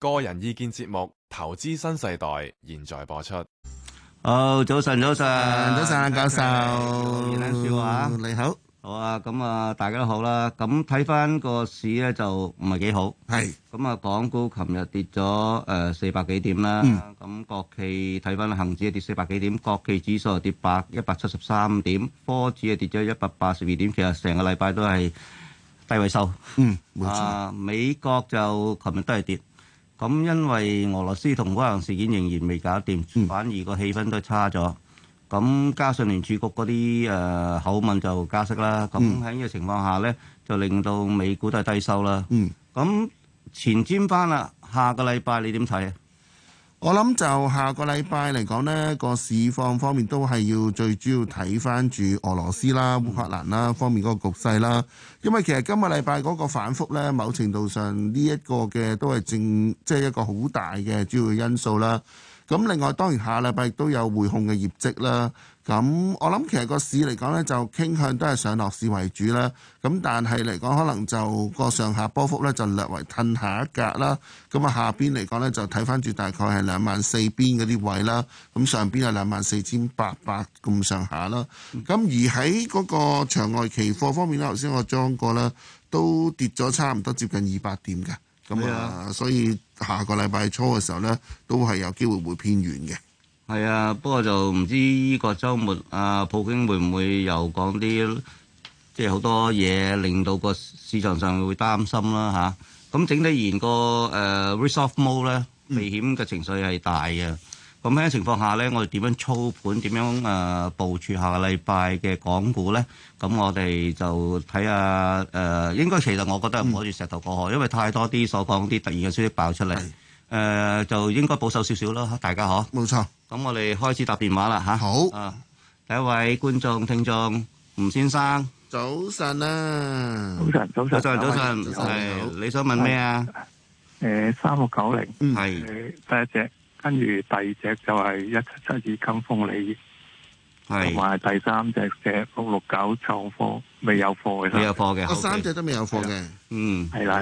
個人意見節目《投資新世代》現在播出。好，早晨，早晨，早晨，早晨。你好，好啊。咁啊，大家都好啦。咁睇翻個市咧，就唔係幾好。係咁啊，港股琴日跌咗誒四百幾點啦。咁國企睇翻恒指啊，跌四百幾點，國企指數啊跌百一百七十三點，科指啊跌咗一百八十二點。其實成個禮拜都係低位收。嗯，冇錯。啊，美國就琴日都係跌。咁因為俄羅斯同烏克蘭事件仍然未搞掂，嗯、反而個氣氛都差咗。咁加上聯儲局嗰啲誒口吻就加息啦。咁喺呢個情況下呢，就令到美股都係低收啦。咁、嗯、前瞻翻啦，下個禮拜你點睇啊？我諗就下個禮拜嚟講呢個市況方面都係要最主要睇翻住俄羅斯啦、烏克蘭啦方面嗰個局勢啦。因為其實今個禮拜嗰個反復呢，某程度上呢、就是、一個嘅都係正即係一個好大嘅主要因素啦。咁另外，當然下禮拜都有匯控嘅業績啦。咁我諗其實個市嚟講呢，就傾向都係上落市為主啦。咁但係嚟講，可能就個上下波幅呢，就略為褪下一格啦。咁啊，下邊嚟講呢，就睇翻住大概係兩萬四邊嗰啲位啦。咁上邊係兩萬四千八百咁上下啦。咁而喺嗰個場外期貨方面呢，頭先我講過呢，都跌咗差唔多接近二百點嘅。咁啊，呃。Yeah. 所以下個禮拜初嘅時候呢，都係有機會會偏軟嘅。係啊，不過就唔知呢個週末啊，普京會唔會又講啲即係好多嘢，令到個市場上會擔心啦嚇。咁、啊嗯、整體而言，個、呃、risk-off mode 咧，危險嘅情緒係大嘅。咁喺情況下咧，我哋點樣操盤？點樣誒部署下個禮拜嘅港股咧？咁我哋就睇下誒。應該其實我覺得唔可以石頭過河，因為太多啲所講啲突然嘅消息爆出嚟。誒，就應該保守少少啦。大家呵，冇、嗯、錯。咁我哋開始答電話啦吓，好，第一位觀眾聽眾吳先生，早晨啊，早晨早晨早晨早晨，你你想問咩啊？誒，三六九零，係，第一隻，跟住第二隻就係一七七二贛鋒鋰，係，同埋第三隻嘅六六九創科未有貨未有貨嘅，我三隻都未有貨嘅，嗯，係啦。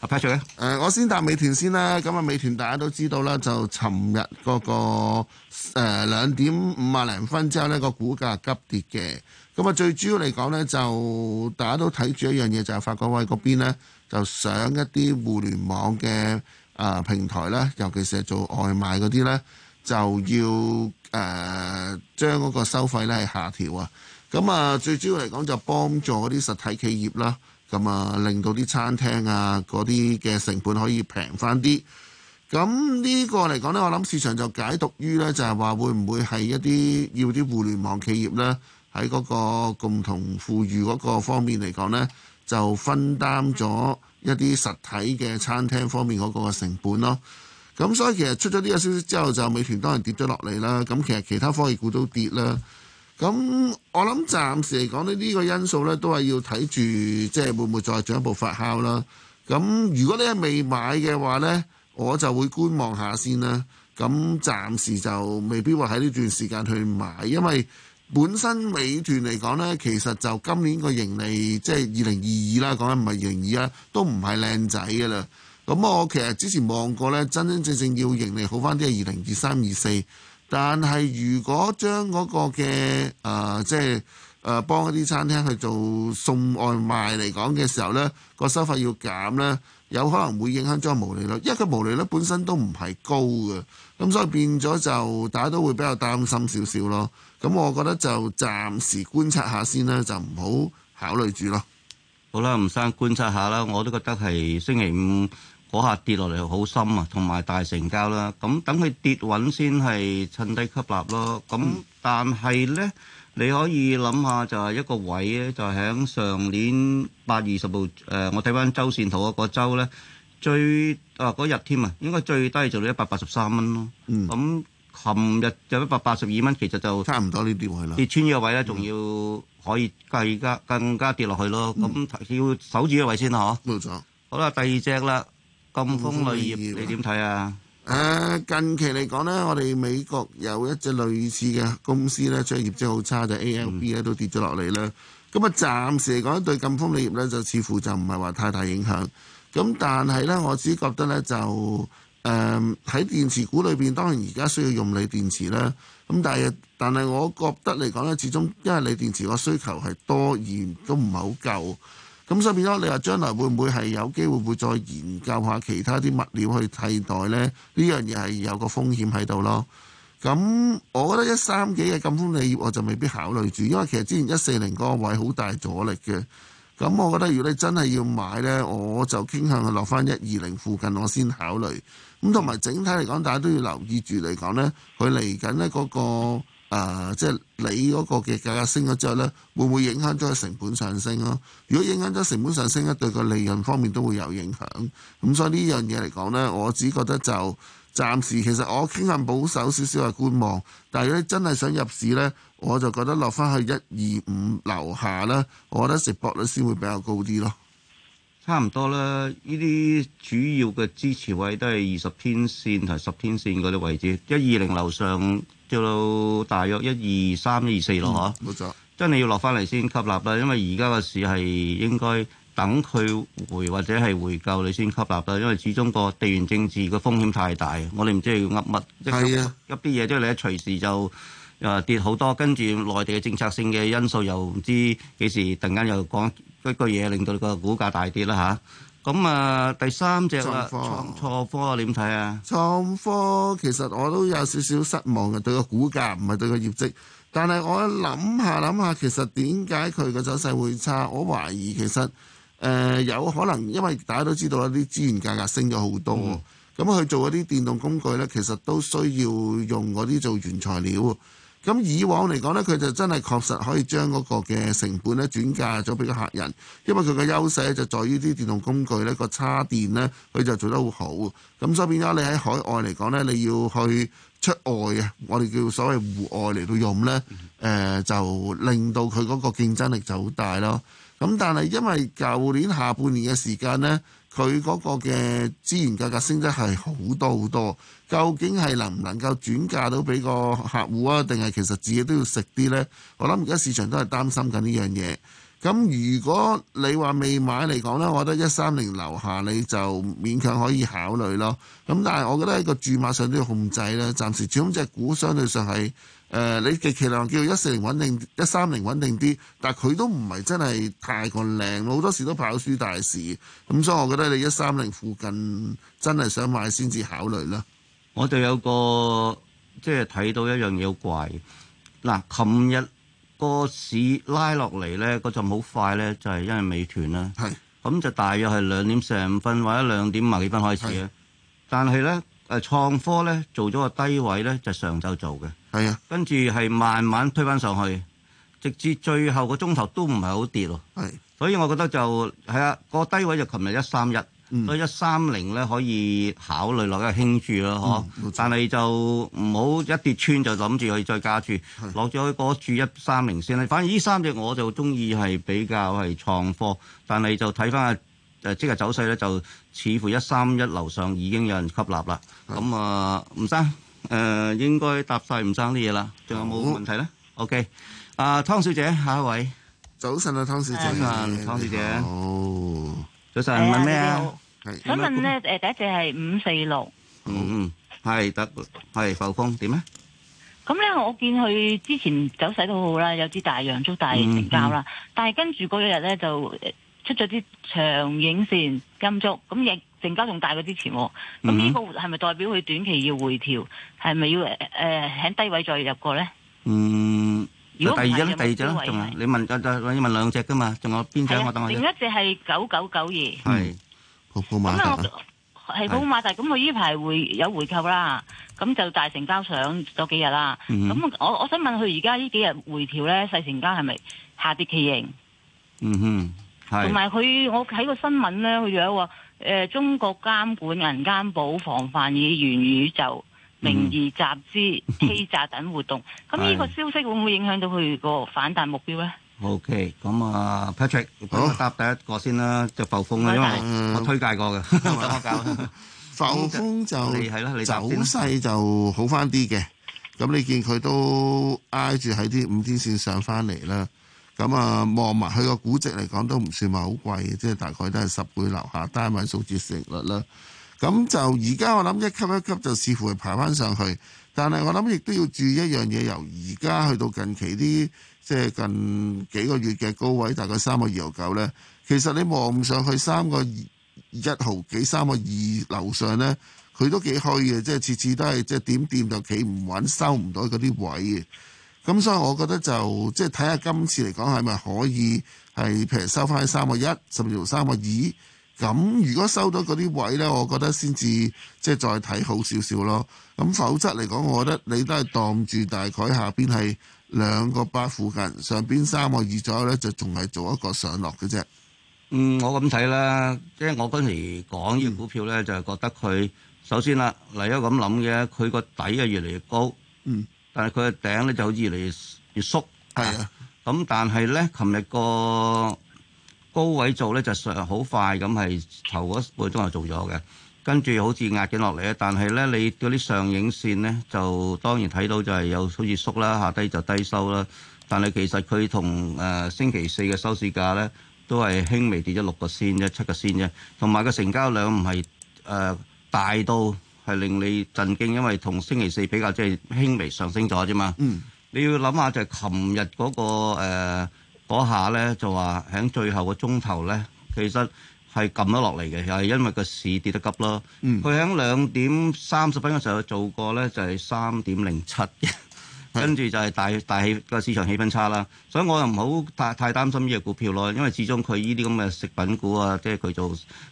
阿我先答美團先啦。咁啊，美團大家都知道啦，就尋日嗰個誒兩點五啊零分之後呢、嗰個股價急跌嘅。咁啊，最主要嚟講呢，就大家都睇住一樣嘢，就係發改委嗰邊咧就上一啲互聯網嘅啊平台咧，尤其是係做外賣嗰啲呢，就要誒、呃、將嗰個收費呢係下調啊。咁啊，最主要嚟講就幫助嗰啲實體企業啦。咁啊，令到啲餐廳啊，嗰啲嘅成本可以平返啲。咁呢個嚟講呢，我諗市場就解讀於呢，就係話會唔會係一啲要啲互聯網企業呢喺嗰個共同富裕嗰個方面嚟講呢，就分擔咗一啲實體嘅餐廳方面嗰個成本咯。咁所以其實出咗呢個消息之後，就美團當然跌咗落嚟啦。咁其實其他科技股都跌啦。咁我諗暫時嚟講咧，呢、呢個因素咧都係要睇住，即係會唔會再進一步發酵啦。咁如果你係未買嘅話呢，我就會觀望下先啦。咁暫時就未必話喺呢段時間去買，因為本身美團嚟講呢，其實就今年個盈利，即係二零二二啦，講緊唔係二零二一，都唔係靚仔嘅啦。咁我其實之前望過呢，真真正正要盈利好翻啲係二零二三二四。但係，如果將嗰個嘅誒、呃，即係誒、呃、幫一啲餐廳去做送外賣嚟講嘅時候呢個收費要減呢，有可能會影響咗毛利率，因為個毛利率本身都唔係高嘅，咁所以變咗就大家都會比較擔心少少咯。咁我覺得就暫時觀察下先啦，就唔好考慮住咯。好啦，吳生觀察下啦，我都覺得係星期五。嗰下跌落嚟好深啊，同埋大成交啦。咁等佢跌穩先係趁低吸納咯。咁但係咧，你可以諗下就係一個位咧，就係喺上年百二十號。誒，我睇翻週線圖啊，個週咧最啊嗰日添啊，應該最低做到一百八十三蚊咯。嗯。咁琴日就一百八十二蚊，其實就差唔多呢啲位啦。跌穿呢個位咧，仲要可以計加更加跌落去咯。嗯。咁要守住個位先啊，嗬。冇錯。好啦，第二隻啦。贛鋒鋰業，你點睇啊？誒，近期嚟講咧，我哋美國有一隻類似嘅公司咧，即係業績好差，就 ALB 咧都跌咗落嚟啦。咁啊，暫時嚟講咧，對贛鋒鋰業咧就似乎就唔係話太大影響。咁但係咧，我自己覺得咧就誒喺電池股裏邊，當然而家需要用鋰電池啦。咁但係，但係我覺得嚟講咧，始終因為鋰電池個需求係多而都唔係好夠。咁所以變咗，你話將來會唔會係有機會會再研究下其他啲物料去替代呢？呢樣嘢係有個風險喺度咯。咁我覺得一三幾嘅贛鋒鋰業我就未必考慮住，因為其實之前一四零嗰個位好大阻力嘅。咁我覺得，如果你真係要買呢，我就傾向去落翻一二零附近，我先考慮。咁同埋整體嚟講，大家都要留意住嚟講呢，佢嚟緊呢嗰個。誒、呃，即係你嗰個嘅價格升咗之後呢，會唔會影響到個成本上升咯？如果影響咗成本上升咧，對個利潤方面都會有影響。咁所以呢樣嘢嚟講呢，我只覺得就暫時其實我傾向保守少少嘅觀望。但係咧，如果真係想入市呢，我就覺得落翻去一二五樓下咧，我覺得值博率先會比較高啲咯。差唔多啦，呢啲主要嘅支持位都係二十天線同十天線嗰啲位置，一二零樓上。做到大約一二三二四咯，吓冇、嗯、錯，即係你要落翻嚟先吸納啦，因為而家個市係應該等佢回或者係回夠你先吸納啦，因為始終個地緣政治個風險太大，我哋唔知要噏乜，嗯、即係一啲嘢，的即係你隨時就啊跌好多，跟住內地嘅政策性嘅因素又唔知幾時突然間又講一句嘢，令到個股價大跌啦嚇。啊。咁啊，第三隻創科，創科你點睇啊？創科其實我都有少少失望嘅，對個股價唔係對個業績。但係我諗下諗下，其實點解佢個走勢會差？我懷疑其實誒、呃、有可能，因為大家都知道一啲資源價格升咗好多。咁佢、嗯嗯、做嗰啲電動工具呢，其實都需要用嗰啲做原材料。咁以往嚟講呢，佢就真係確實可以將嗰個嘅成本呢，轉嫁咗俾個客人，因為佢嘅優勢就在於啲電動工具呢個叉電呢，佢就做得好好。咁所以變咗你喺海外嚟講呢，你要去出外啊，我哋叫所謂戶外嚟到用呢，誒、呃、就令到佢嗰個競爭力就好大咯。咁但係因為舊年下半年嘅時間呢。佢嗰個嘅資源價格升得係好多好多，究竟係能唔能夠轉嫁到俾個客戶啊？定係其實自己都要食啲呢？我諗而家市場都係擔心緊呢樣嘢。咁如果你話未買嚟講咧，我覺得一三零樓下你就勉強可以考慮咯。咁但係我覺得喺個注碼上都要控制啦。暫時，始終隻股相對上係。誒、呃，你極其量叫一四零穩定，一三零穩定啲，但係佢都唔係真係太過靚，好多時都跑輸大市咁，所以我覺得你一三零附近真係想買先至考慮啦。我就有個即係睇到一樣嘢好怪嗱，琴、啊、日個市拉落嚟咧，嗰陣好快咧，就係、是、因為美團啦，係咁是就大約係兩點四五分或者兩點萬幾分開始咧。是但係咧誒，創科咧做咗個低位咧，就是、上晝做嘅。係啊，跟住係慢慢推返上去，直至最後個鐘頭都唔係好跌咯。係的，所以我覺得就係啊，嗰個低位就琴日一三一，所以一三零咧可以考慮落一個輕注咯，嗬。但係就唔好一跌穿就諗住去再加注，落咗去嗰注一三零先啦。反正呢三隻我就中意係比較係創科，但係就睇返啊即日走勢咧，就似乎一三一樓上已經有人吸納啦。咁啊的，吳生的。誒，應該答晒吳生啲嘢啦，仲有冇問題咧？OK，阿湯小姐，下一位。早晨啊，湯小姐，早晨，湯小姐。哦，早晨，問咩啊？想問咧，誒，第一隻係五四六。嗯嗯，係得，係阜豐點咧？咁咧，我見佢之前走勢都好好啦，有啲大陽燭大成交啦，但係跟住嗰日咧就。出咗啲長影線金足，咁亦成交仲大過之前。咁呢個係咪代表佢短期要回調？係咪要誒喺、呃、低位再入過咧？嗯、mm，如果唔係第二有有位第二。你問就就要問兩隻噶嘛？仲有邊隻？我等另一隻係九九九二，係、嗯、泡泡瑪特。咁啊，係泡，泡瑪咁佢呢排會有回購啦，咁就大成交上咗幾日啦。咁、mm hmm. 我我想問佢而家呢幾日回調咧，細成交係咪下跌企形？嗯哼、mm。Hmm. 同埋佢，我睇個新聞咧，佢仲有話，誒、呃，中國監管銀監保防範以元宇宙名義集資、嗯、欺詐等活動。咁呢、嗯嗯、個消息會唔會影響到佢個反彈目標咧？OK，咁啊，Patrick，我答第一個先啦，好就浮風啦，是因為我推介過嘅。嗯、 浮風就，係啦，走勢就好翻啲嘅。咁你見佢都挨住喺啲五天線上翻嚟啦。咁啊，望埋佢個估值嚟講都唔算話好貴，即係大概都係十倍樓下單位數字市盈率啦。咁就而家我諗一級一級就似乎係爬翻上去，但係我諗亦都要注意一樣嘢，由而家去到近期啲即係近幾個月嘅高位，大概三個二毫九呢。其實你望唔上去三個一毫幾、三個二樓上呢，佢都幾虛嘅，即係次次都係即係點掂就企唔穩、收唔到嗰啲位嘅。咁所以，我覺得就即係睇下今次嚟講係咪可以係譬如收翻三個一，甚至乎三個二。咁如果收到嗰啲位呢，我覺得先至即係再睇好少少咯。咁否則嚟講，我覺得你都係當住大概下邊係兩個八附近，上邊三個二左右呢，就仲係做一個上落嘅啫。嗯，我咁睇啦，即係我嗰時講呢個股票呢，嗯、就係覺得佢首先啦，嚟咗咁諗嘅，佢個底啊越嚟越高，嗯。但係佢嘅頂咧就好似越嚟越縮，係啊，咁、嗯、但係咧，琴日個高位做咧就上好快咁係頭嗰半鐘就做咗嘅，跟住好似壓緊落嚟啊！但係咧，你嗰啲上影線咧就當然睇到就係有好似縮啦，下低就低收啦。但係其實佢同誒星期四嘅收市價咧都係輕微跌咗六個仙啫，七個仙啫，同埋個成交量唔係誒大到，係令你震驚，因為同星期四比較即係輕微上升咗啫嘛。嗯、你要諗下就係琴日嗰個嗰下咧，就話、是、喺、那個呃、最後個鐘頭咧，其實係撳咗落嚟嘅，係因為個市跌得急咯。佢喺兩點三十分嘅時候做過咧，就係三點零七，跟 住 是就係大大個市場氣氛差啦。所以我又唔好太太擔心呢個股票咯，因為始終佢呢啲咁嘅食品股啊，即係佢做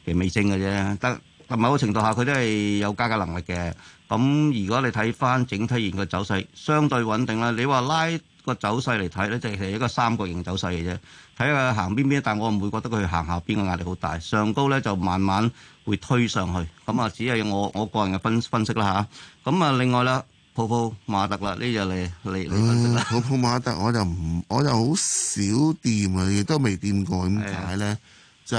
味精嘅啫，得。某個程度下佢都係有加價能力嘅。咁如果你睇翻整體現嘅走勢，相對穩定啦。你話拉個走勢嚟睇咧，就係一個三角形走勢嘅啫。睇下行邊邊，但係我唔會覺得佢行下邊嘅壓力好大。上高咧就慢慢會推上去。咁啊，只係我我個人嘅分分析啦吓，咁啊，另外啦，泡泡馬特啦，呢就你你你分析啦。唉 泡泡馬特我就唔，我就好少掂啊，亦都未掂過咁解咧。的就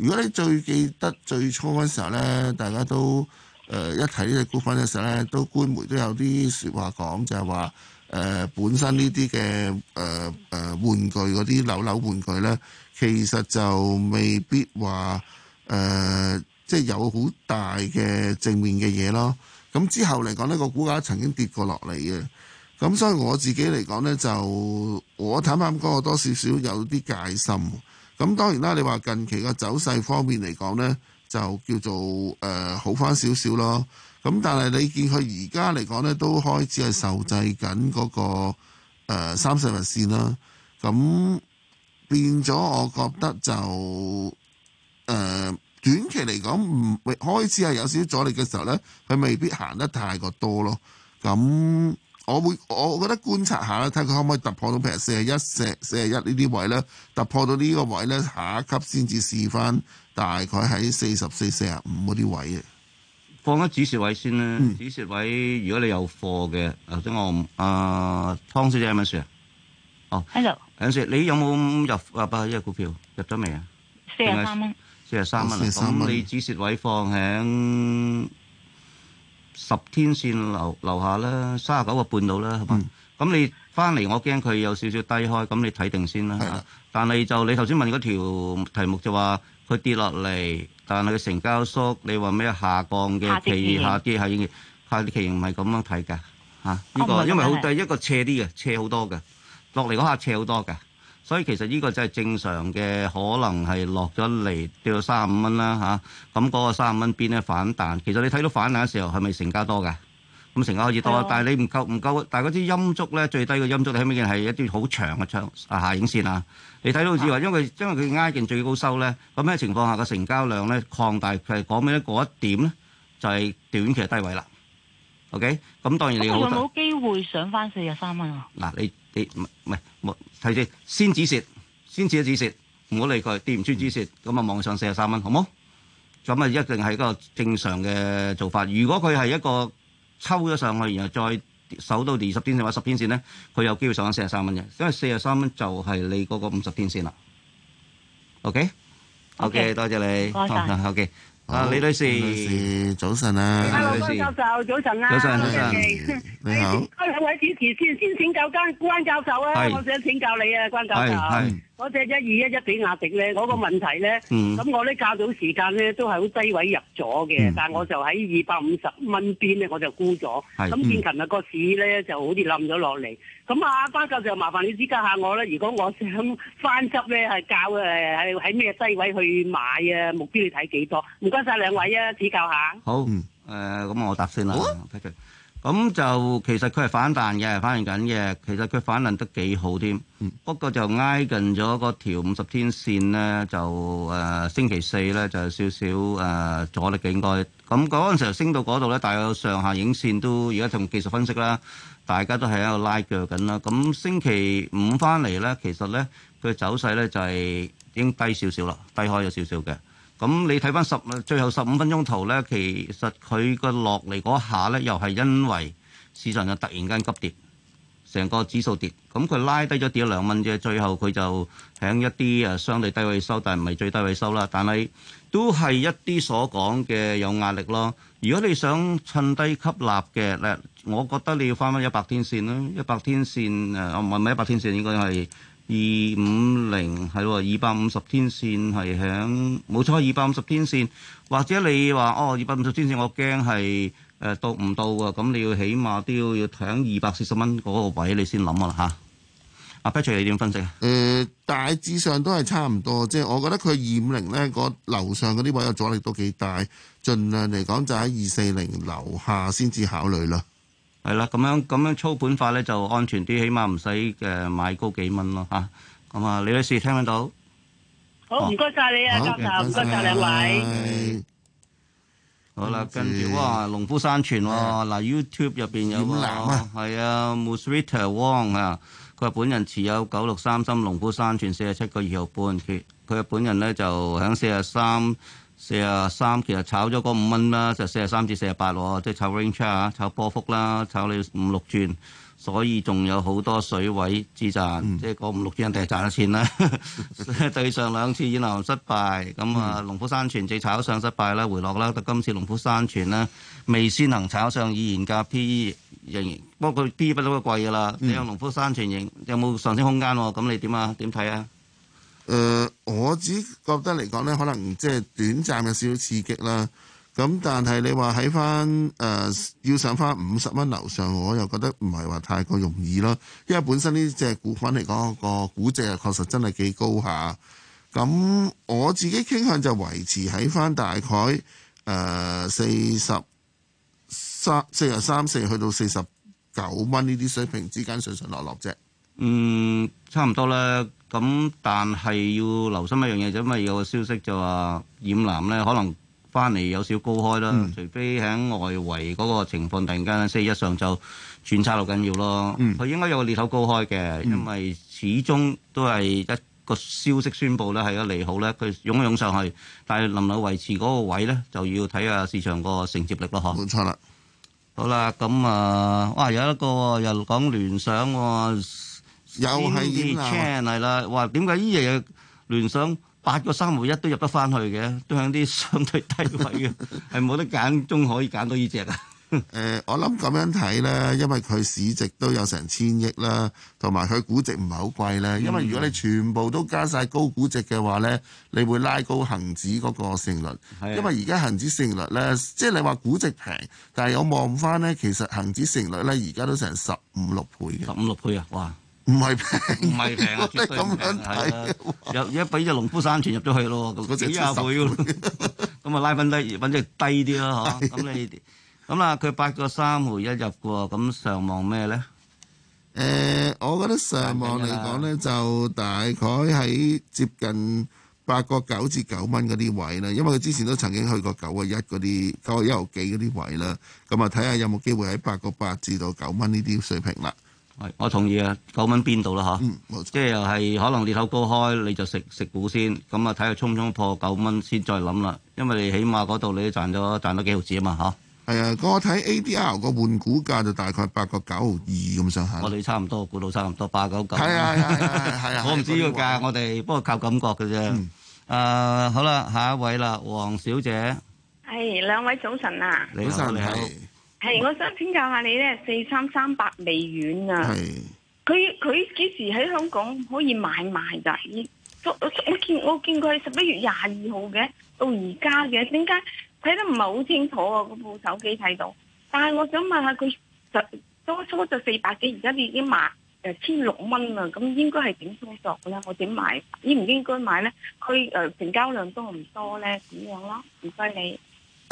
如果你最記得最初嗰時候咧，大家都誒、呃、一睇呢隻股份嘅時候呢，都官媒都有啲説話講，就係話誒本身呢啲嘅誒誒玩具嗰啲扭扭玩具呢，其實就未必話誒即係有好大嘅正面嘅嘢咯。咁之後嚟講呢，個股價曾經跌過落嚟嘅。咁所以我自己嚟講呢，就我坦白講，我多少少有啲戒心。咁當然啦，你話近期嘅走勢方面嚟講呢，就叫做誒、呃、好返少少咯。咁但係你見佢而家嚟講呢，都開始係受制緊嗰、那個、呃、三十日線啦。咁、啊、變咗，我覺得就誒、呃、短期嚟講，唔開始係有少少阻力嘅時候呢，佢未必行得太過多咯。咁、啊。嗯我會，我覺得觀察下啦，睇佢可唔可以突破到譬如四廿一、四四廿一呢啲位咧，突破到呢個位咧，下一級先至試翻，大概喺四十四、四廿五嗰啲位嘅。放咗止蝕位先啦，止蝕、嗯、位如果你有貨嘅，頭先我阿、啊、湯小姐有咩說啊？哦，喺度。阿欣你有冇入八百一股票？入咗未啊？四廿三蚊。四廿三蚊四十三蚊？三三你止蝕位放喺？十天線留留下啦，三十九個半到啦，係嘛？咁、嗯、你翻嚟，我驚佢有少少低開，咁你睇定先啦。是的 但係就你頭先問嗰條題目就話佢跌落嚟，但係佢成交縮，你話咩下降嘅旗，下跌係下跌旗形唔係咁樣睇㗎嚇。呢、啊這個、哦、因為好第一個斜啲嘅，斜好多嘅，落嚟嗰下刻斜好多㗎。所以其實依個就係正常嘅，可能係落咗嚟掉到三十五蚊啦嚇。咁嗰個三十蚊邊咧反彈？其實你睇到反彈嘅時候，係咪成交多嘅？咁成交開始多，但係你唔夠唔夠。但係嗰啲陰燭咧，最低嘅陰燭睇咩嘅係一段好長嘅長啊下影線啊。你睇到只話，因為因為佢挨住最高收咧，咁嘅情況下嘅成交量咧擴大，係講咩咧？嗰一點咧就係短期嘅低位啦。O K，咁當然你會唔會冇機會上翻四十三蚊啊？嗱，你。你唔係冇睇住先止蝕，先止一止蝕，唔好理佢跌唔穿止蝕，咁啊望上四十三蚊，好冇？咁啊一定係一個正常嘅做法。如果佢係一個抽咗上去，然後再守到二十天線或十天線咧，佢有機會上翻四十三蚊嘅，因為四十三蚊就係你嗰個五十天線啦。OK，OK，OK? OK，OK。多謝你，好嘅。多謝。啊，李女士，早晨啊！你好，關教授，早晨啊！早晨，你好，你好。該係位主持先，先請教關關教授啊！我想請教你啊，關教授。嗰隻一二一一比亞迪咧，嗰個，那個問題咧，咁、嗯、我咧教到時間咧都係好低位入咗嘅，嗯、但係我就喺二百五十蚊邊咧我就沽咗。咁見琴日個市咧、嗯、就好似冧咗落嚟，咁啊關教授就麻煩你指教下我啦。如果我想翻執咧，係教誒喺咩低位去買啊？目標你睇幾多？唔該晒兩位啊，指教下。好，誒、嗯、咁、呃、我答先啦。哦咁就其實佢係反彈嘅，反彈緊嘅。其實佢反彈得幾好添，嗯、不過就挨近咗嗰條五十天線咧，就誒、呃、星期四咧就有少少誒、呃、阻力嘅應該。咁嗰陣時候升到嗰度咧，大概上下影線都而家同技術分析啦，大家都係喺度拉鋸緊啦。咁星期五翻嚟咧，其實咧佢嘅走勢咧就係、是、已經低咗少少啦，低開咗少少嘅。咁你睇翻十最後十五分鐘圖咧，其實佢個落嚟嗰下咧，又係因為市場就突然間急跌，成個指數跌，咁佢拉低咗跌咗兩蚊啫，最後佢就喺一啲啊相對低位收，但係唔係最低位收啦，但係都係一啲所講嘅有壓力咯。如果你想趁低吸納嘅咧，我覺得你要翻翻一百天線啦，一百天線誒，唔係一百天線應該係，二五零係二百五十天線係喺冇錯，二百五十天線，或者你話哦，二百五十天線我驚係誒到唔到喎，咁你要起碼都要要喺二百四十蚊嗰個位你先諗下啦嚇。阿、啊啊、Patrick 你點分析？誒、呃、大致上都係差唔多，即係我覺得佢二五零咧，嗰樓上嗰啲位嘅阻力都幾大，盡量嚟講就喺二四零樓下先至考慮啦。係啦，咁樣咁樣粗本法咧就安全啲，起碼唔使呃買高幾蚊咯嚇。咁啊，李女士聽得到？好，唔該晒你啊，嘉嘉好，唔該曬兩位。嗯、好啦，跟住哇，農夫山泉喎，嗱、嗯、YouTube 入邊有喎，係啊，啊，Muthuiter Wong 啊，佢話本人持有九六三三農夫山泉四十七個二毫半，佢佢話本人咧就喺四十三。四啊三，43，其實炒咗嗰五蚊啦，就四十三至四十八喎，即係炒 range 啊，炒波幅啦，炒你五六轉，所以仲有好多水位之賺，嗯、即係嗰五六轉一定賺咗錢啦。 對上兩次演藍失敗，咁啊、嗯，農夫山泉正炒上失敗啦，回落啦，但今次農夫山泉咧未先行炒上，以現價 P E，不過佢 P E 不嬲都貴噶啦。嗯、你用農夫山泉型有冇上升空間喎？咁你點啊？點睇啊？誒、呃，我自己覺得嚟講呢，可能即係短暫有少少刺激啦。咁但係你話喺翻誒，要上翻五十蚊樓上，我又覺得唔係話太過容易咯。因為本身呢隻股份嚟講，個估值又確實真係幾高下。咁我自己傾向就維持喺翻大概誒四十三四十三四去到四十九蚊呢啲水平之間上上落落啫。嗯，差唔多啦。咁但係要留心一樣嘢，就因為有個消息就話，染藍咧可能翻嚟有少少高開啦，嗯、除非喺外圍嗰個情況突然間星期一上晝就轉差好緊要咯。佢、嗯、應該有個裂口高開嘅，嗯、因為始終都係一個消息宣佈咧係一利好咧，佢湧一湧上去，但係能否維持嗰個位咧，就要睇下市場個承接力咯。嚇，冇錯啦。好啦，咁啊，哇，有一個又講聯想喎。又係啲啦，係啦。哇、啊！點解呢隻嘢聯想八個三毫一都入得翻去嘅，都喺啲相對低位嘅，係冇 得揀，仲可以揀到呢隻啊？誒，我諗咁樣睇咧，因為佢市值都有成千億啦，同埋佢估值唔係好貴咧。因為如果你全部都加晒高估值嘅話咧，你會拉高恒指嗰個勝率。因為而家恒指勝率咧，即係你話估值平，但係我望翻咧，其實恒指勝率咧而家都成十五六倍。十五六倍啊！哇！唔係平，唔係平啊！絕對！即係咁樣睇啦，又一俾隻農夫山泉入咗去咯，咁幾廿倍咯。咁啊，拉翻低，反正低啲咯，嗬。咁你咁啊，佢八個三毫一入嘅喎，咁上望咩咧？誒，我覺得上望嚟講咧，就大概喺接近八個九至九蚊嗰啲位咧，因為佢之前都曾經去過九個一嗰啲，九個一毫幾嗰啲位啦。咁啊，睇下有冇機會喺八個八至到九蚊呢啲水平啦。係，我同意啊！九蚊邊度啦吓，即係又係可能裂口高開，你就食食股先。咁啊睇下衝唔衝破九蚊先再諗啦。因為你起碼嗰度你都賺咗賺咗幾毫子啊嘛吓。係啊，我睇 ADR 個換股價就大概八個九毫二咁上下。我哋差唔多，估到差唔多八九九。係係係係係，我唔知個價，我哋不過靠感覺嘅啫。誒，好啦，下一位啦，黃小姐。係，兩位早晨啊。早晨，你好。係，我想請教下你咧，四三三百美元啊，佢佢幾時喺香港可以買賣噶？我我見我見佢十一月廿二號嘅，到而家嘅，點解睇得唔係好清楚啊？嗰部手機睇到，但係我想問下佢，就當初就四百幾，而家你已經賣誒千六蚊啦，咁、呃、應該係點操作咧？我點買？應唔應該買咧？佢誒成交量多唔多咧？點樣咯、啊？唔該你。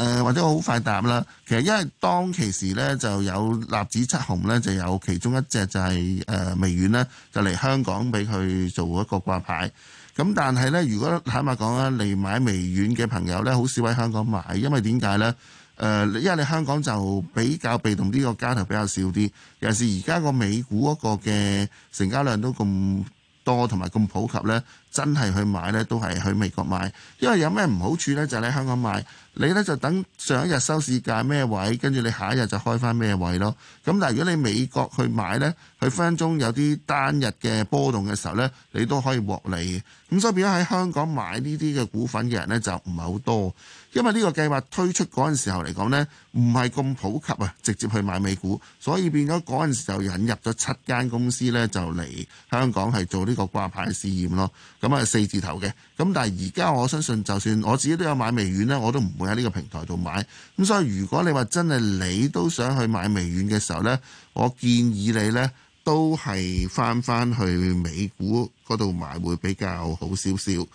誒、呃、或者我好快答啦，其實因為當其時咧就有立子七雄咧，就有其中一隻就係、是、誒、呃、微軟咧，就嚟香港俾佢做一個掛牌。咁但係咧，如果坦白講咧，嚟買微軟嘅朋友咧，好少喺香港買，因為點解咧？誒、呃，因為你香港就比較被動啲，個家頭比較少啲，尤其是而家個美股嗰個嘅成交量都咁多，同埋咁普及咧。真係去買呢，都係去美國買，因為有咩唔好處呢？就係喺香港買，你呢就等上一日收市價咩位，跟住你下一日就開翻咩位咯。咁但係如果你美國去買呢，佢分鐘有啲單日嘅波動嘅時候呢，你都可以獲利。咁所以變咗喺香港買呢啲嘅股份嘅人呢，就唔係好多，因為呢個計劃推出嗰陣時候嚟講呢，唔係咁普及啊，直接去買美股，所以變咗嗰陣時候引入咗七間公司呢，就嚟香港係做呢個掛牌嘅試驗咯。咁啊，四字頭嘅咁，但係而家我相信，就算我自己都有買微軟呢，我都唔會喺呢個平台度買咁。所以如果你話真係你都想去買微軟嘅時候呢，我建議你呢都係返返去美股嗰度買會比較好少少。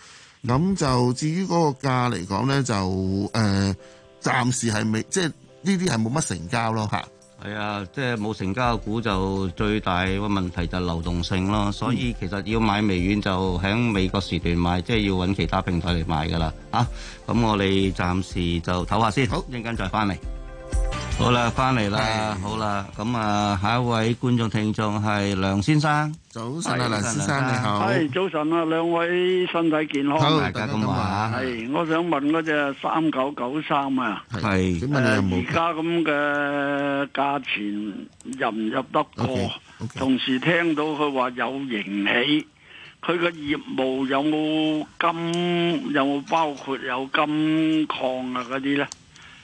咁就至於嗰個價嚟講呢，就誒、呃、暫時係未，即係呢啲係冇乜成交咯嚇。係啊，即係冇成交股就最大個問題就係流動性咯，所以其實要買微軟就喺美國時段買，即係要揾其他平台嚟買噶啦，吓、啊，咁我哋暫時就唞下先，好，一陣間再翻嚟。好啦，翻嚟啦，好啦，咁啊，下一位觀眾聽眾係梁先生。早晨啊，梁先生你好。係早晨啊，兩位身體健康，大家咁話。係，我想問嗰隻三九九三啊。係。誒，而家咁嘅價錢入唔入得過？同時聽到佢話有盈起，佢個業務有冇金？有冇包括有金礦啊嗰啲咧？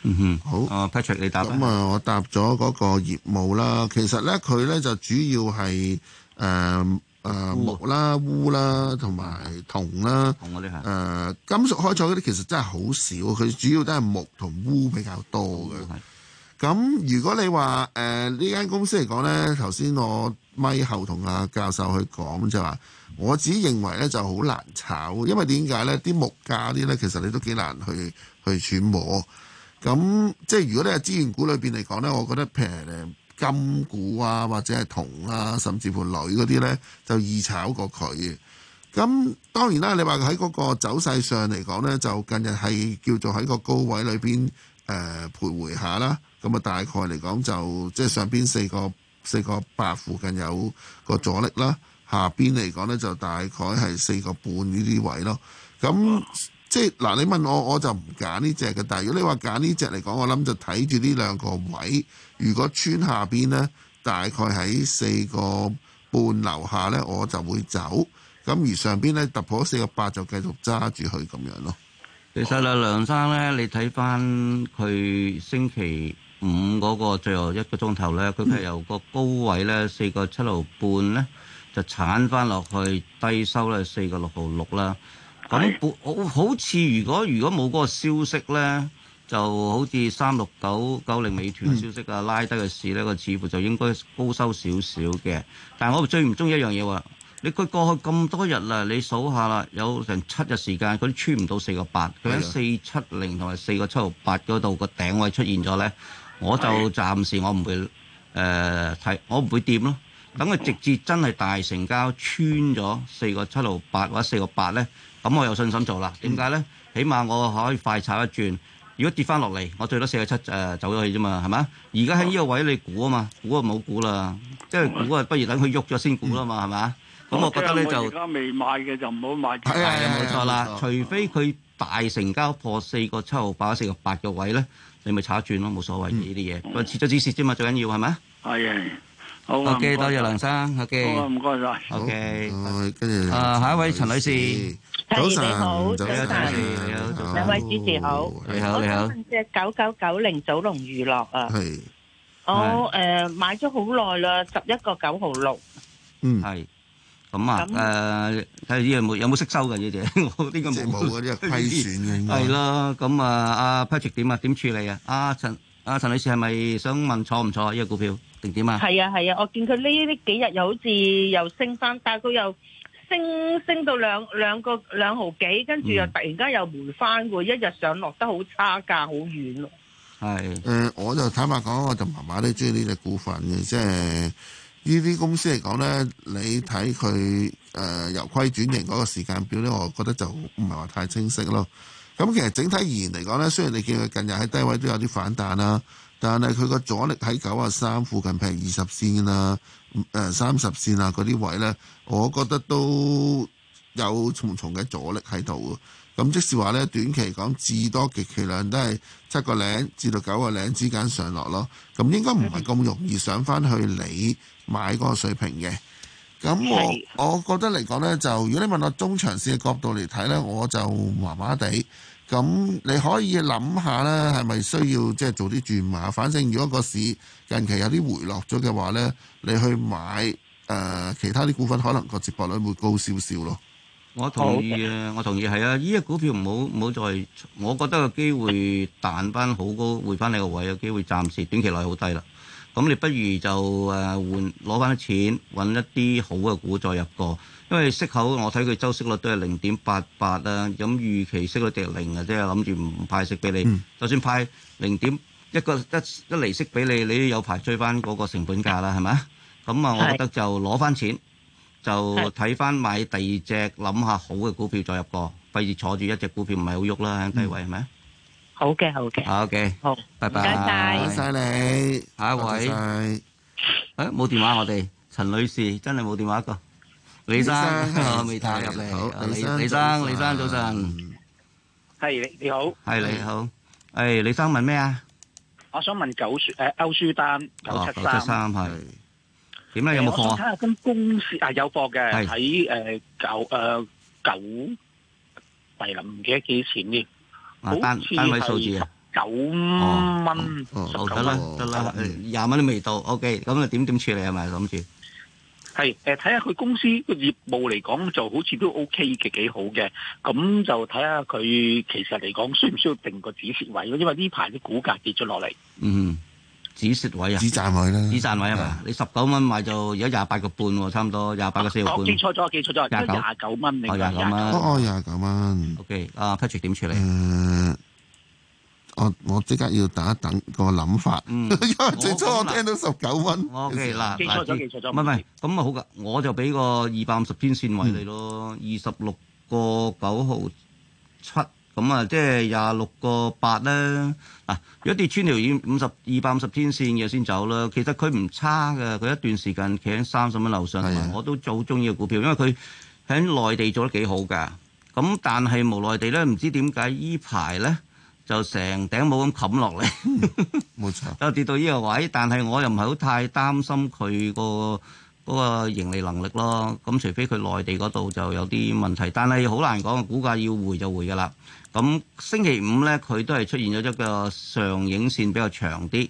嗯好。啊、哦、，Patrick，你答。咁啊、嗯，我答咗嗰個業務啦。其實咧，佢咧就主要係誒誒木啦、烏啦，同埋銅啦。銅嗰啲係誒金屬開採嗰啲，其實真係好少。佢主要都係木同烏比較多嘅。咁、嗯嗯、如果你話誒呢間公司嚟講咧，頭先我咪後同阿教授去講就話，我自己認為咧就好難炒，因為點解咧？啲木價啲咧，其實你都幾難去去揣摩。咁即係如果你係資源股裏邊嚟講咧，我覺得平金股啊，或者係銅啊，甚至乎鋁嗰啲咧，就易炒過佢。咁當然啦，你話喺嗰個走勢上嚟講咧，就近日係叫做喺個高位裏邊誒徘徊下啦。咁啊，大概嚟講就即係、就是、上邊四個四個八附近有個阻力啦。下邊嚟講咧就大概係四個半呢啲位咯。咁即係嗱，你問我，我就唔揀呢隻嘅。但係如果你話揀呢隻嚟講，我諗就睇住呢兩個位。如果穿下邊呢，大概喺四個半樓下呢，我就會走。咁而上邊呢，突破四個八就繼續揸住佢咁樣咯。其實啊，好梁生呢，你睇翻佢星期五嗰個最後一個鐘頭呢，佢係、嗯、由個高位呢，四個七毫半呢，就剷翻落去低收呢，四個六毫六啦。咁好似，如果如果冇嗰個消息咧，就好似三六九九零美團嘅消息啊，拉低嘅市咧，個似乎就應該高收少少嘅。但係我最唔中意一樣嘢話，你佢過去咁多日啦，你數下啦，有成七日時間佢都穿唔到四個八，佢喺四七零同埋四個七六八嗰度個頂位出現咗咧，我就暫時我唔會誒睇、呃，我唔會掂咯。等佢直接真係大成交穿咗四個七六八或者四個八咧。咁我有信心做啦，點解咧？起碼我可以快炒一轉。如果跌翻落嚟，我最多四個七誒、呃、走咗去啫嘛，係咪啊？而家喺呢個位你估啊嘛，估就唔好估啦。即係估啊，不如等佢喐咗先估啦嘛，係咪啊？咁我覺得咧就，而家未買嘅就唔好買。係啊、嗯，冇錯啦。錯除非佢大成交破四個七毫八、四個八嘅位咧，你咪炒一轉咯，冇所謂呢啲嘢。切咗止蝕啫嘛，最緊要係咪啊？係啊。好，OK，多謝梁生，OK，唔該晒，OK，好，跟住。啊，下一位陳女士，早晨，好，早晨，有，兩位主持好，你好，你好，我想問隻九九九零祖龍娛樂啊，係，我誒買咗好耐啦，十一個九毫六，嗯，係，咁啊，誒，睇下，有冇有冇識收嘅呢？只我呢個冇，冇嗰啲虧損嘅，係啦，咁啊，阿 Patrick 點啊？點處理啊？阿陳。阿陳女士係咪想問坐唔坐呢個股票定點啊？係啊係啊，我見佢呢呢幾日又好似又升翻，但係佢又升升到兩兩個兩毫幾，跟住又突然間又回翻喎，一日上落得好差價好遠咯。係，誒，我就坦白講，我就麻麻地中意呢隻股份嘅，即係呢啲公司嚟講咧，你睇佢誒由虧轉盈嗰個時間表咧，我覺得就唔係話太清晰咯。咁其實整體而言嚟講呢，雖然你見佢近日喺低位都有啲反彈啦、啊，但係佢個阻力喺九啊三附近、譬如二十線啊、誒三十線啊嗰啲位呢，我覺得都有重重嘅阻力喺度。咁即是話呢，短期嚟講至多極其量都係七個零至到九個零之間上落咯。咁應該唔係咁容易上返去你買嗰個水平嘅。咁我我覺得嚟講呢，就如果你問我中長線嘅角度嚟睇呢，我就麻麻地。咁你可以諗下咧，係咪需要即係、就是、做啲轉碼？反正如果個市近期有啲回落咗嘅話咧，你去買誒、呃、其他啲股份，可能個折價率會高少少咯我。我同意誒，我同意係啊！依隻股票唔好唔好再，我覺得個機會彈翻好高，回翻你個位有機會，暫時短期內好低啦。咁你不如就誒換攞翻錢揾一啲好嘅股再入過，因為息口我睇佢周息率都係零點八八啦，咁預期息率跌零即係，諗住唔派息俾你，嗯、就算派零點一個一一厘息俾你，你都有排追翻嗰個成本價啦，係咪啊？咁、嗯、啊，我覺得就攞翻錢就睇翻買第二隻，諗下好嘅股票再入過，費事坐住一隻股票唔係好喐啦，喺低位係咪、嗯好嘅，好嘅，好嘅，好，拜拜，多謝晒你，下一位，誒，冇電話我哋，陳女士真係冇電話個，李生，未打入嚟，李生，李生，李生早晨，係你，你好，係你好，係李生問咩啊？我想問九書誒，歐舒丹九七三，九七三係，點啊？有冇貨啊？我睇下封公司係有貨嘅，喺誒九誒九桂林唔記得幾錢添。好，位數字啊，九蚊元，得啦得啦，廿蚊都未到。O K，咁啊點點處理，係咪諗住？係誒，睇下佢公司個業務嚟講，就好似都 O K 嘅，幾好嘅。咁就睇下佢其實嚟講，需唔需要定個止蝕位？因為呢排啲股價跌咗落嚟。嗯。止蝕位啊！止賺位咧！止賺位啊嘛！你十九蚊買就而家廿八個半喎，差唔多廿八個四個半。我記錯咗，記錯咗，廿九蚊。哦，廿九蚊。哦，廿九蚊。O K，啊，睇住點處理？我我即刻要等一等個諗法，因為最初我聽到十九蚊。O K，嗱，記錯咗，記錯咗。唔係唔係，咁啊好噶，我就俾個二百五十天線位你咯，二十六個九號七。咁啊、嗯，即係廿六個八啦。嗱、啊，如果跌穿條五十二百五十天線嘅先走啦。其實佢唔差㗎，佢一段時間企喺三十蚊樓上，的我都好中意嘅股票，因為佢喺內地做得幾好㗎。咁但係冇內地咧，唔知點解依排咧就成頂帽咁冚落嚟。冇、嗯、錯，又 跌到呢個位。但係我又唔係好太擔心佢個嗰個盈利能力咯。咁除非佢內地嗰度就有啲問題，但係好難講，股價要回就回㗎啦。咁星期五咧，佢都係出現咗一個上影線比較長啲，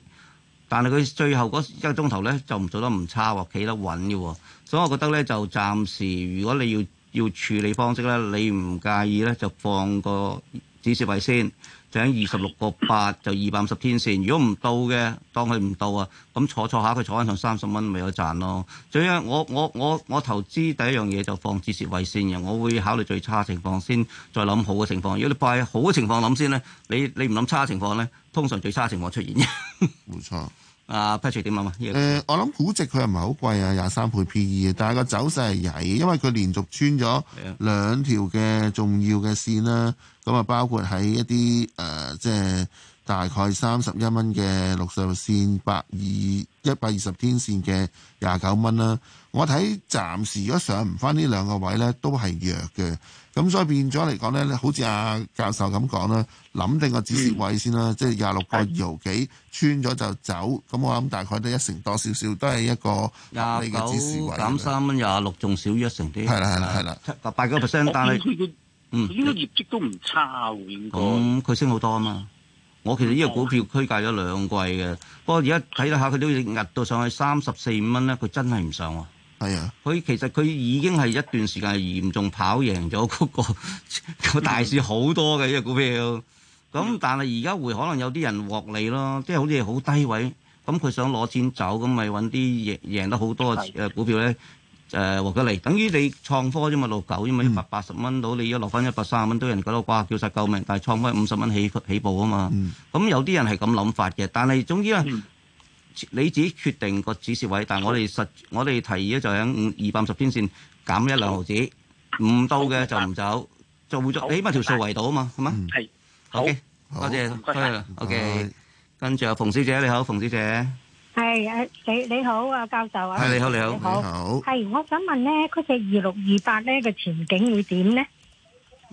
但係佢最後一個鐘頭咧就唔做得唔差喎，企得穩嘅喎，所以我覺得咧就暫時如果你要要處理方式咧，你唔介意咧就放個指示位先。整二十六個八就二百五十天線，如果唔到嘅，當佢唔到啊，咁坐坐下佢坐翻上三十蚊，咪有賺咯。最緊要我我我我投資第一樣嘢就防止蝕為先嘅，我會考慮最差情況先，再諗好嘅情況。如果你擺好嘅情況諗先咧，你你唔諗差嘅情況咧，通常最差情況出現嘅。冇 錯。啊、uh，Patrick 點啊嘛？ 我諗估值佢又唔係好貴啊，廿三倍 P/E，但係個走勢係曳，因為佢連續穿咗兩條嘅重要嘅線啦。咁啊，包括喺一啲誒、呃，即係大概三十一蚊嘅六十線，百二一百二十天線嘅廿九蚊啦。我睇暫時如果上唔翻呢兩個位咧，都係弱嘅。咁所以變咗嚟講咧，好似阿教授咁講啦，諗定個指示位先啦，嗯、即係廿六個二毫幾穿咗就走。咁我諗大概都一成多少少，都係一個呢個指示位。減三蚊廿六，仲少於一成啲。係啦係啦係啦。八九 percent 但係是，嗯，應該業績都唔差喎。咁佢、嗯、該升好多啊嘛！我其實呢個股票推介咗兩季嘅，不過而家睇睇下佢都壓到上去三十四五蚊咧，佢真係唔上喎。係啊，佢其實佢已經係一段時間係嚴重跑贏咗嗰個、嗯、 大市好多嘅呢個股票，咁、嗯、但係而家會可能有啲人獲利咯，即係好似好低位，咁佢想攞錢走，咁咪揾啲贏贏得好多嘅誒股票咧誒的、呃、獲緊利，等於你創科啫嘛，六九，因為一百八十蚊到，嗯、你要落翻一百三十蚊都有人覺得「瓜，叫曬救命，但係創科五十蚊起起步啊嘛，咁、嗯、有啲人係咁諗法嘅，但係總之咧。嗯你自己決定個止蝕位，但係我哋實我哋提議咧就喺二百五十天線減一兩毫子，唔到嘅就唔走，做足起碼條數圍到啊嘛，係嘛？係，好，多謝，唔該，OK，跟住阿馮小姐你好，馮小姐，係，你你好啊，教授啊，係你好，你好，你好，係，我想問咧，嗰隻二六二八咧個前景會點咧？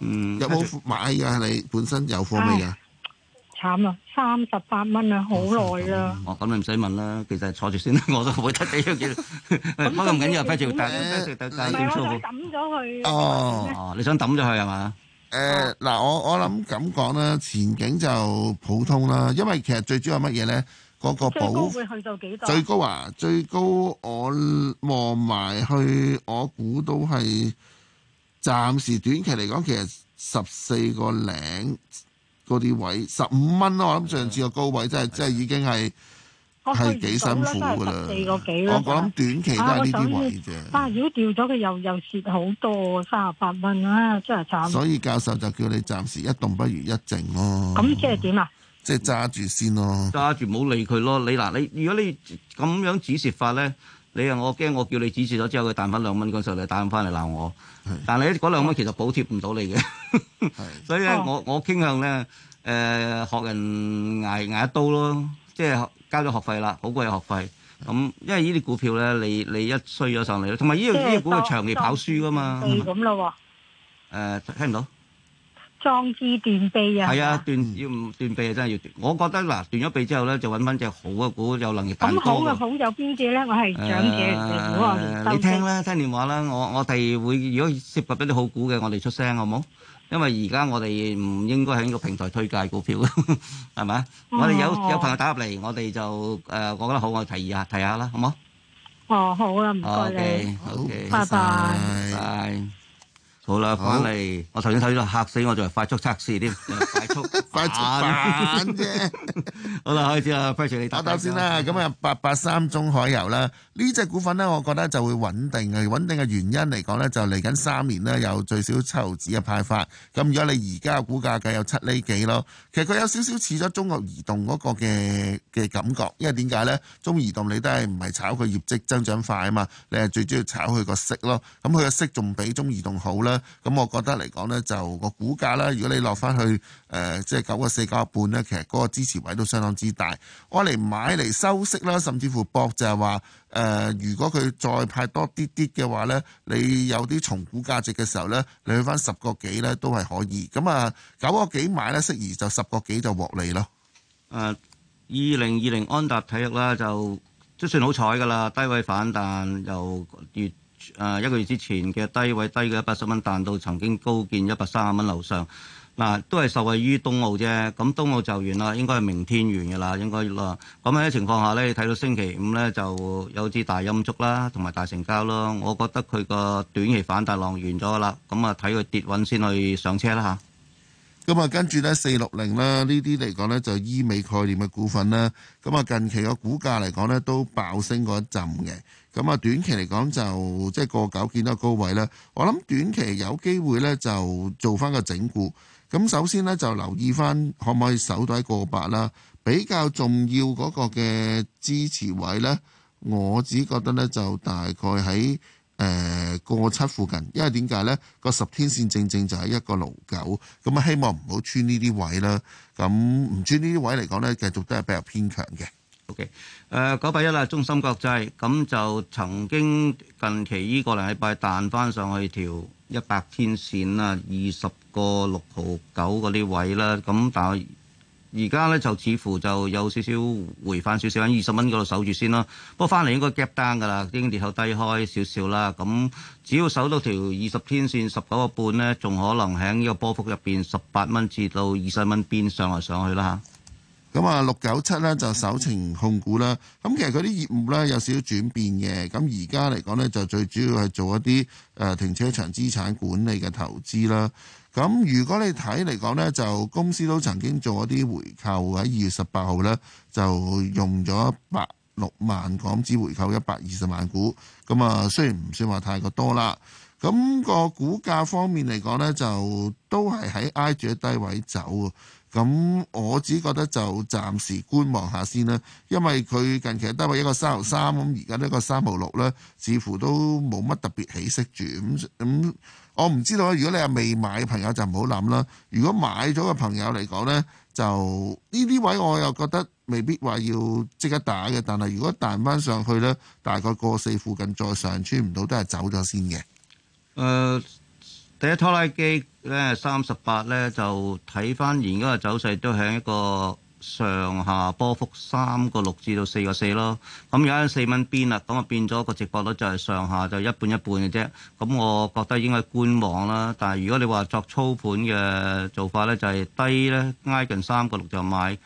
嗯，有冇買呀？你本身有貨未㗎？慘啊，三十八蚊啊，好耐啦。哦，咁、嗯、你唔使問啦，其實坐住先啦，我都冇得俾咗叫，唔咁緊要，快住、 嗯，坐住，等計想抌咗佢。哦哦，你想抌咗佢係嘛？誒，嗱，我我諗咁講咧，前景就普通啦，因為其實最主要乜嘢咧，嗰個保。最高會去到幾多？最高啊！最高，我望埋去，我估到係暫時短期嚟講，其實十四個零。嗰啲位十五蚊咯，我諗上次個高位真係真係已經係係幾辛苦噶啦。個我諗短期都係呢啲位啫。但、啊啊、如果掉咗，佢又又蝕好多，三十八蚊啊，真係慘。所以教授就叫你暫時一動不如一靜咯。咁即係點啊？即係揸住先咯。揸住唔好理佢咯。你嗱，你如果你咁樣止蝕法咧。你話我驚，我叫你指示咗之後，佢彈翻兩蚊嗰陣時你彈翻嚟鬧我。是但係嗰兩蚊其實補貼唔到你嘅， 是所以咧我我傾向咧誒、呃、學人捱捱一刀咯，即係交咗學費啦，好貴嘅學費。咁是、嗯、因為呢啲股票咧，你你一衰咗上嚟，同埋呢樣依個股票長期跑輸噶嘛，咁咯喎。誒、呃，聽唔到。壯志斷臂啊！係啊，斷要唔斷臂啊，真係要斷。我覺得嗱，斷咗臂之後咧，就揾翻隻好嘅股有能力。咁好嘅好有邊隻咧？我係掌住嘅，唔好話擔心。你聽啦，聽電話啦。我我哋會如果涉及一啲好股嘅，我哋出聲好唔好？因為而家我哋唔應該喺呢個平台推介股票，係咪啊？我哋有有朋友打入嚟，我哋就誒，我覺得好，我提議下提下啦，好唔好？哦，好啊，唔該你，好，拜拜。好啦，講嚟，好我頭先睇到嚇死我，仲係快速測試添， 快速快反啫。 好啦，開始啦，費事你打打先啦。咁啊，八八三中海油啦，呢隻股份呢，我覺得就會穩定嘅。穩定嘅原因嚟講呢，就嚟、是、緊三年呢，有最少七毫紙嘅派發。咁如果你而家嘅股價計有七厘幾咯，其實佢有少少似咗中國移動嗰個嘅嘅感覺，因為點解呢？中移動你都係唔係炒佢業績增長快啊嘛？你係最主要炒佢個息咯。咁佢嘅息仲比中移動好啦。咁、嗯、我覺得嚟講呢，就個股價啦。如果你落翻去誒、呃，即係九個四九個半呢，其實嗰個支持位都相當之大。我嚟買嚟收息啦，甚至乎博就係話誒，如果佢再派多啲啲嘅話呢，你有啲重估價值嘅時候呢，你去翻十個幾呢都係可以。咁啊，九個幾買呢，適宜就十個幾就獲利咯。誒、呃，二零二零安達體育啦，就都算好彩㗎喇，低位反彈又跌。誒，一個月之前嘅低位低嘅一百十蚊，彈到曾經高見一百三十蚊樓上嗱，都係受惠於冬奧啫。咁冬奧就完啦，應該係明天完嘅啦，應該啦。咁喺情況下你睇到星期五呢就有支大陰燭啦，同埋大成交咯。我覺得佢個短期反彈浪完咗啦，咁啊睇佢跌穩先去上車啦嚇。咁啊，跟住呢四六零啦，呢啲嚟講呢，就醫美概念嘅股份啦。咁啊，近期個股價嚟講呢，都爆升過一陣嘅。咁啊，短期嚟講就即係個九見到高位啦。我諗短期有機會咧，就做翻個整固。咁首先咧，就留意翻可唔可以守得個八啦。比較重要嗰個嘅支持位咧，我自己覺得咧就大概喺誒個七附近。因為點解咧？個十天線正正正就係一個六九。咁啊，希望唔好穿呢啲位啦。咁唔穿呢啲位嚟講咧，繼續都係比較偏強嘅。O K，誒九百一啦，okay. uh, 1，中心國際咁就曾經近期呢個零禮拜彈翻上去條一百天線啊，二十個六毫九嗰啲位啦，咁但係而家呢，就似乎就有少少回返少少喺二十蚊嗰度守住先啦。不過翻嚟應該 gap down 㗎啦，已經跌到低開少少啦。咁只要守到條二十天線十九個半呢，仲可能喺呢個波幅入邊十八蚊至到二十蚊邊上來上去啦嚇。咁啊，六九七咧就首程控股啦。咁其實佢啲業務咧有少少轉變嘅。咁而家嚟講咧，就最主要係做一啲誒停車場資產管理嘅投資啦。咁如果你睇嚟講咧，就公司都曾經做一啲回購，喺二月十八號咧，就用咗百六萬港紙回購一百二十萬股。咁啊，雖然唔算話太過多啦。咁個股價方面嚟講咧，就都係喺挨住低位走咁我只覺得就暫時觀望下先啦，因為佢近期低位一個三毫三，咁而家呢個三毫六呢，似乎都冇乜特別起色住。咁、嗯、咁、嗯，我唔知道。如果你係未買嘅朋友就唔好諗啦。如果買咗嘅朋友嚟講呢，就呢啲位我又覺得未必話要即刻打嘅。但係如果彈翻上去呢，大概個四附近再上穿唔到，都係走咗先嘅。誒、呃，第一拖拉機。三十八咧，就睇返而家嘅走勢，都喺一個上下波幅三個六至到四個四咯，咁而家四蚊邊啦，咁啊變咗個值博率就係上下就一半一半嘅啫。咁、嗯、我覺得應該觀望啦。但係如果你話作操盤嘅做法咧，就係、是、低咧挨近三個六就買，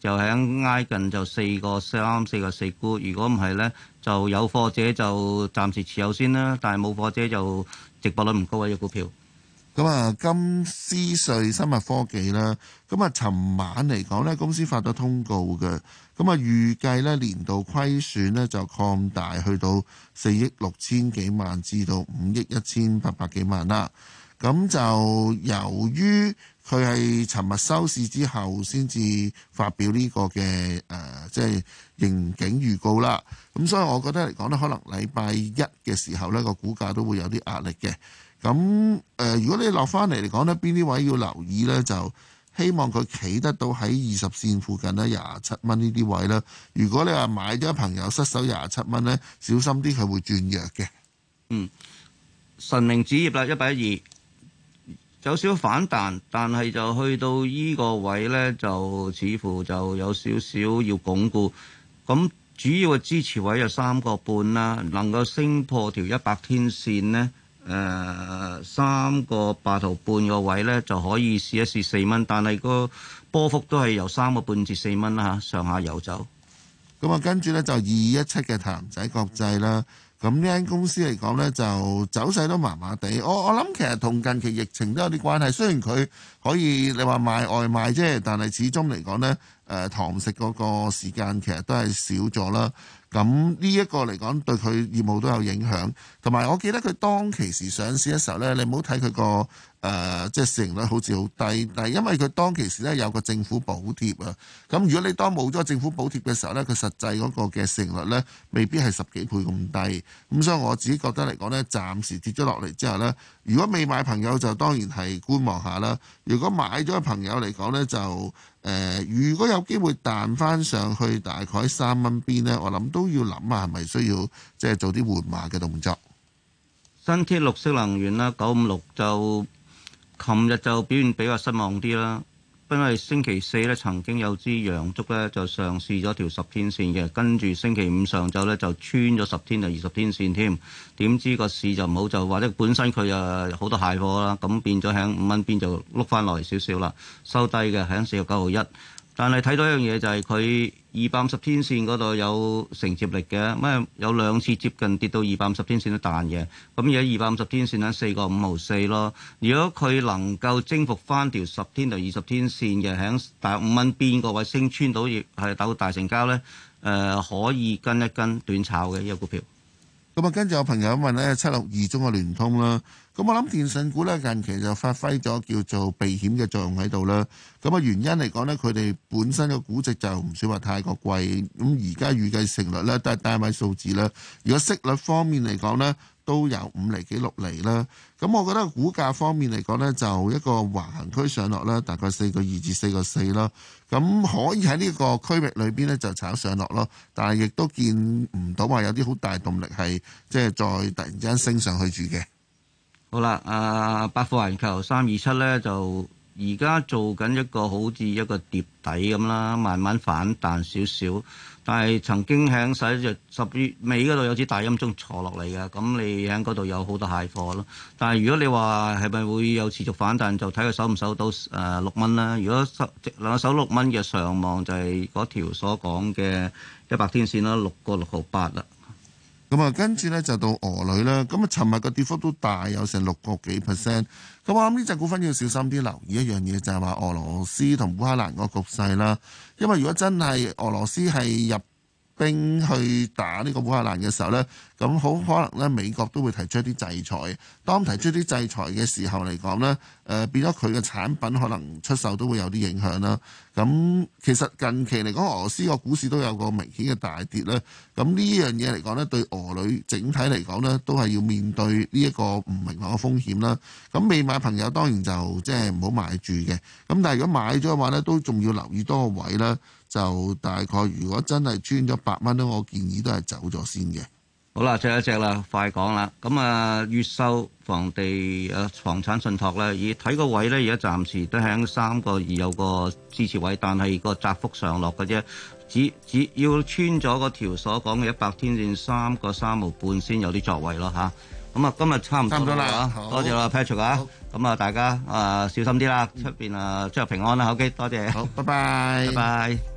就喺挨近就四個三四個四沽。如果唔係咧，就有貨者就暫時持有先啦。但係冇貨者就值博率唔高啊，隻股票。咁啊，金斯瑞生物科技啦，咁啊，尋晚嚟講呢，公司發咗通告嘅，咁啊，預計呢年度虧損呢就擴大去到四億六千幾萬至到五億一千八百幾萬啦。咁就由於佢係尋日收市之後先至發表呢、這個嘅誒，即、呃、係、就是、盈警預告啦。咁所以我覺得嚟講呢，可能禮拜一嘅時候呢個股價都會有啲壓力嘅。咁誒、呃，如果你落翻嚟嚟講咧，邊啲位要留意呢，就希望佢企得到喺二十線附近呢廿七蚊呢啲位咧。如果你話買咗朋友失手廿七蚊呢，小心啲佢會轉弱嘅。嗯，神明紙業啦，一百二有少少反彈，但係就去到依個位呢，就似乎就有少少要鞏固。咁主要嘅支持位有三個半啦，能夠升破條一百天線呢。誒、呃、三個八毫半個位呢，就可以試一試四蚊，但係個波幅都係由三個半至四蚊啦上下游走。咁啊、嗯，跟住呢，就二二一七嘅譚仔國際啦，咁呢間公司嚟講呢，就走勢都麻麻地。我我諗其實同近期疫情都有啲關係，雖然佢可以你話賣外賣啫，但係始終嚟講呢，誒、呃、堂食嗰個時間其實都係少咗啦。咁呢一個嚟講對佢業務都有影響，同埋我記得佢當其時上市嘅時候呢，你唔好睇佢個。誒、呃，即係市盈率好似好低，但係因為佢當其時咧有個政府補貼啊，咁如果你當冇咗政府補貼嘅時候咧，佢實際嗰個嘅市盈率咧未必係十幾倍咁低，咁所以我自己覺得嚟講咧，暫時跌咗落嚟之後咧，如果未買朋友就當然係觀望下啦；如果買咗嘅朋友嚟講咧，就誒、呃，如果有機會彈翻上去大概三蚊邊咧，我諗都要諗下係咪需要即係做啲換馬嘅動作。新天綠色能源啦，九五六就。琴日就表現比較失望啲啦，因為星期四咧曾經有支陽燭咧就嘗試咗條十天線嘅，跟住星期五上晝咧就穿咗十天就二十天線添，點知個市就唔好，就或者本身佢又好多蟹貨啦，咁變咗喺五蚊邊就碌翻落嚟少少啦，收低嘅喺四十九毫一，91，但係睇到一樣嘢就係佢。二百五十天線嗰度有承接力嘅，有兩次接近跌到二百五十天線都彈嘅，咁而家二百五十天線喺四個五毫四咯。如果佢能夠征服返條十天同二十天線嘅，喺大五蚊邊個位升穿到亦係達到大成交呢、呃？可以跟一跟短炒嘅呢個股票。咁啊，跟住有朋友問咧，七六二中嘅聯通啦，咁我諗電信股咧近期就發揮咗叫做避險嘅作用喺度啦。咁啊，原因嚟講咧，佢哋本身嘅估值就唔算話太過貴，咁而家預計成率咧都係帶埋數字啦。如果息率方面嚟講咧，都有五厘幾六厘啦，咁我覺得股價方面嚟講呢就一個橫行區上落啦，大概四個二至四個四啦，咁可以喺呢個區域裏邊呢，就炒上落咯，但係亦都見唔到話有啲好大動力係即係再突然之間升上去住嘅。好啦，啊百富環球三二七呢，就而家做緊一個好似一個碟底咁啦，慢慢反彈少少。但係曾經喺十一月十月尾嗰度有支大陰燭坐落嚟嘅，咁你喺嗰度有好多蟹貨咯。但係如果你話係咪會有持續反彈，就睇佢守唔守到誒六蚊啦。如果收隻兩手六蚊嘅上望，就係嗰條所講嘅一百天線啦，六個六毫八啦。咁啊，跟住咧就到俄女啦。咁啊，尋日個跌幅都大，有成六個幾 percent。咁啊，呢隻股份要小心啲留意一樣嘢，就係話俄羅斯同烏克蘭個局勢啦。因為如果真係俄羅斯係入兵去打呢個烏克蘭嘅時候咧。咁好可能咧，美國都會提出一啲制裁。當提出啲制裁嘅時候嚟講咧，誒、呃、變咗佢嘅產品可能出售都會有啲影響啦。咁其實近期嚟講，俄羅斯個股市都有個明顯嘅大跌啦。咁呢樣嘢嚟講咧，對俄女整體嚟講咧，都係要面對呢一個唔明朗嘅風險啦。咁未買朋友當然就即係唔好買住嘅。咁但係如果買咗嘅話咧，都仲要留意多個位啦。就大概如果真係穿咗百蚊咧，我建議都係走咗先嘅。好啦，最後一隻啦，快講啦！咁、嗯、啊，越秀房地啊，房產信託咧，以睇個位咧，而家暫時都喺三個二有個支持位，但係個窄幅上落嘅啫，只只要穿咗個條所講嘅一百天線三個三毫半先有啲作為咯吓，咁啊，今日差唔多啦，差唔多，多謝啦 Patrick 啊，咁啊好，大家啊、呃、小心啲啦，出邊啊出入平安啦，OK，多謝，好，拜拜，拜拜。